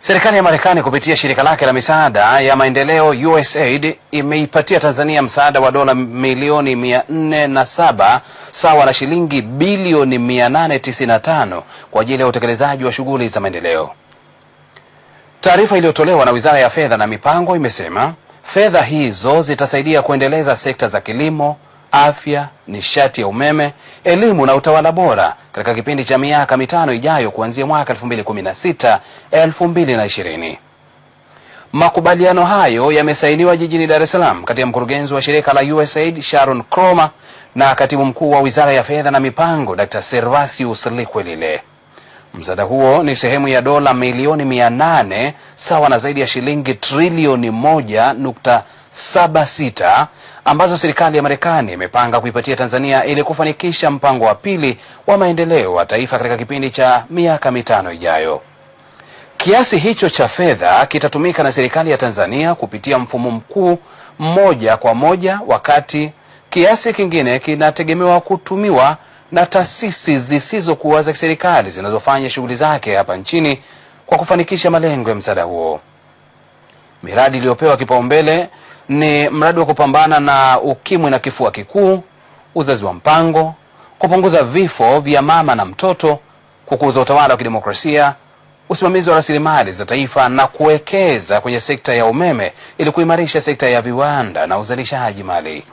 Serikali ya Marekani kupitia shirika lake la misaada ya maendeleo USAID imeipatia Tanzania msaada wa dola milioni mia nne na saba sawa na shilingi bilioni mia nane tisini na tano kwa ajili ya utekelezaji wa shughuli za maendeleo. Taarifa iliyotolewa na Wizara ya Fedha na Mipango imesema fedha hizo zitasaidia kuendeleza sekta za kilimo afya, nishati ya umeme, elimu na utawala bora katika kipindi cha miaka mitano ijayo kuanzia mwaka 2016 2020. Makubaliano hayo yamesainiwa jijini Dar es Salaam kati ya mkurugenzi wa shirika la USAID Sharon Croma na katibu mkuu wa Wizara ya Fedha na Mipango Dr. Servasius Likwelile. Msaada huo ni sehemu ya dola milioni mia nane sawa na zaidi ya shilingi trilioni moja nukta saba sita ambazo serikali ya Marekani imepanga kuipatia Tanzania ili kufanikisha mpango wa pili wa maendeleo wa taifa katika kipindi cha miaka mitano ijayo. Kiasi hicho cha fedha kitatumika na serikali ya Tanzania kupitia mfumo mkuu moja kwa moja, wakati kiasi kingine kinategemewa kutumiwa na taasisi zisizokuwa za serikali zinazofanya shughuli zake hapa nchini kwa kufanikisha malengo ya msaada huo. Miradi iliyopewa kipaumbele ni mradi wa kupambana na ukimwi na kifua kikuu, uzazi wa mpango, kupunguza vifo vya mama na mtoto, kukuza utawala wa kidemokrasia, usimamizi wa rasilimali za taifa na kuwekeza kwenye sekta ya umeme ili kuimarisha sekta ya viwanda na uzalishaji mali.